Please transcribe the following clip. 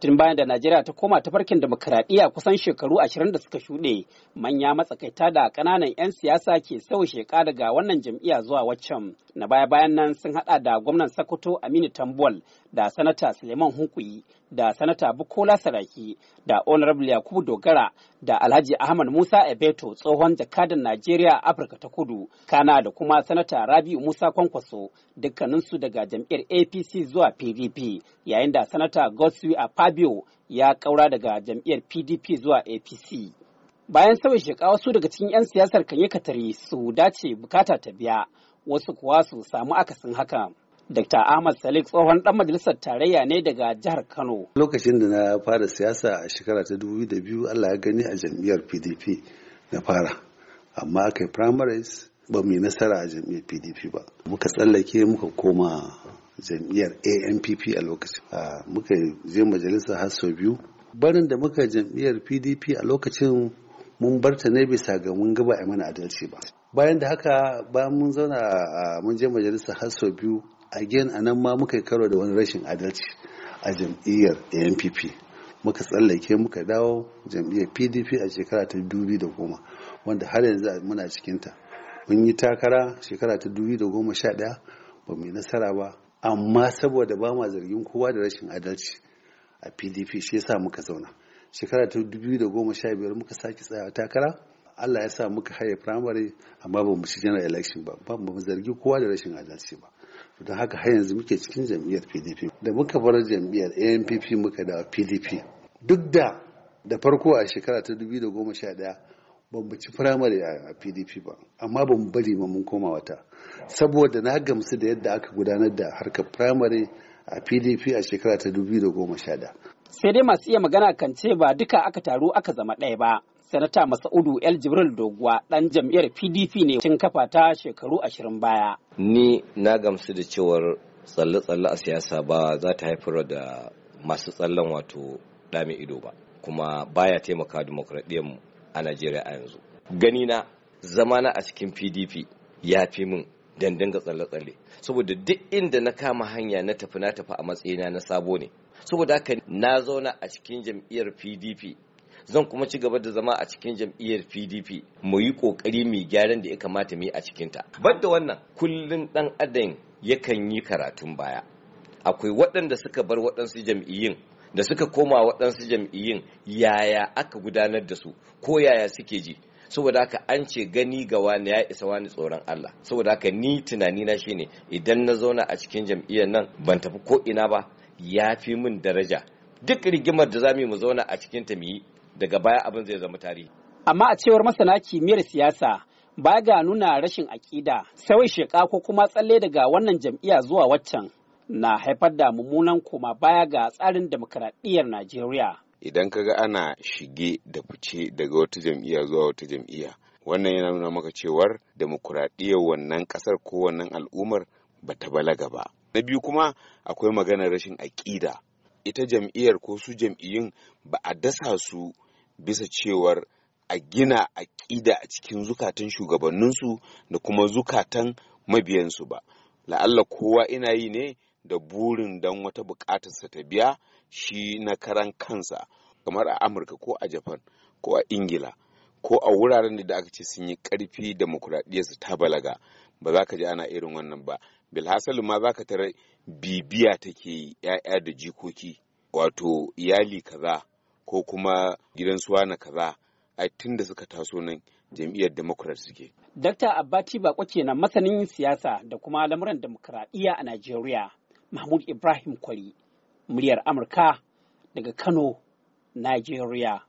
tun bayan da najeriya ta koma ta farkin demokuraɗiyya kusan shekaru ashirin da suka shuɗe manya matsakaita da ƙananan 'yan siyasa ke sau sheka daga wannan jam'iyya zuwa waccan na baya bayan nan sun haɗa da gwamnan sokoto aminu tambol da sanata suleiman hunkuyi da sanata bukola saraki da honorable yakubu dogara da alhaji ahmad musa ebeto tsohon jakadan najeriya afirka ta kudu kana da kuma sanata rabi'u musa kwankwaso dukkaninsu daga jam'iyyar apc zuwa pdp yayin da sanata godswill a fabio ya kaura daga jam'iyyar pdp zuwa apc bayan sauya shiga wasu daga cikin 'yan siyasar kan katari su dace bukata ta biya wasu kuwa su samu akasin haka. Dr. Ahmad Salik tsohon ɗan majalisar tarayya ne daga jihar Kano. Lokacin da na fara siyasa a shekara ta 2002 Allah ya gani a jam'iyyar PDP na fara. Amma aka yi primaries ba mu yi nasara a jam'iyyar PDP ba. Muka tsallake muka koma jam'iyyar ANPP a lokacin. Muka je majalisa har sau biyu. Barin da muka jam'iyyar PDP a lokacin mun barta ne bisa ga mun gaba a mana adalci ba. Bayan da haka bayan mun zauna mun je majalisa har sau biyu again a nan ma muka yi karo da wani rashin adalci a jam'iyyar ANPP muka tsallake muka dawo jam'iyyar PDP a shekara ta dubi da goma wanda har yanzu muna cikinta mun yi takara shekara ta dubi da goma sha ɗaya ba mai yi nasara ba amma saboda ba ma zargin kowa da rashin adalci a PDP shi yasa muka zauna shekara ta dubi da goma sha biyar muka sake tsayawa takara Allah ya sa muka haye firamare, amma ba mu ci general election ba ba mu zargi kowa da rashin adalci ba don haka har yanzu muke cikin jam'iyyar pdp da muka bar jam'iyyar anpp muka da pdp duk da da farko a shekara ta 2011 ban firamare a pdp ba amma ban bari ma mun koma wata saboda na gamsu da yadda aka gudanar da harkar firamare a pdp a shekara ta 2011 sai dai masu iya magana kan ce ba duka aka taru aka zama ɗaya ba Sanata Masa'udu El Jibril Doguwa ɗan jam'iyyar PDP ne cin kafa ta shekaru ashirin baya. Ni na gamsu da cewar tsalle-tsalle a siyasa ba za ta haifar da masu tsallen wato dami ido ba kuma baya taimaka mu a Najeriya a yanzu. Gani na zama na a cikin PDP ya fi min dandanga tsalle-tsalle saboda duk inda na kama hanya na tafi na tafi a matsayina na sabo ne saboda haka na zauna a cikin jam'iyyar PDP zan kuma ci gaba da zama a cikin jam'iyyar PDP mu yi kokari mu gyaran da ya kamata mu yi a cikin ta da wannan kullun dan adam yakan yi karatun baya akwai waɗanda suka bar waɗansu jam'iyyun da suka koma waɗansu jam'iyyun yaya aka gudanar da su ko yaya suke ji saboda haka an ce gani ga wani ya isa wani tsoron Allah saboda haka ni tunani na shine idan na zauna a cikin jam'iyyar nan ban tafi ko ina ba ya fi min daraja duk rigimar da za mu zauna a cikin ta mu yi daga baya abin zai zama tari. amma a cewar masana kimiyyar siyasa ba ga nuna rashin aƙida sai sheka ko kuma tsalle daga wannan jam'iyya zuwa waccan na haifar da mummunan koma baya ga tsarin demokradiyyar Najeriya. Idan ka ga ana shige da fice daga wata jam'iyya zuwa wata jam'iyya, wannan yana nuna maka cewar demokradiyyar wannan ƙasar ko wannan al'ummar ba ta balaga ba. Na biyu kuma akwai maganar rashin aƙida. Ita jam'iyyar ko su jam'iyyun ba a dasa su bisa cewar a gina aƙida a cikin zukatan shugabanninsu da kuma zukatan mabiyansu ba la'alla kowa ina yi ne da burin don wata buƙatarsa ta biya shi na karan kansa kamar a amurka ko a japan ko a ingila ko a wuraren da aka ce sun yi ƙarfi su ta balaga ba za ka ji ana irin wannan ba Bilhassan ma za ka tara bibiya take yi 'ya'ya da jikoki wato iyali kaza ko kuma gidan suwa na kaza a tun da suka taso nan jam'iyyar democrat suke. Dr. Abbati Bako kenan masanin siyasa da kuma lamuran demokuraɗiyya a Najeriya, Mahmud Ibrahim Kwari, muryar Amurka daga Kano, Najeriya.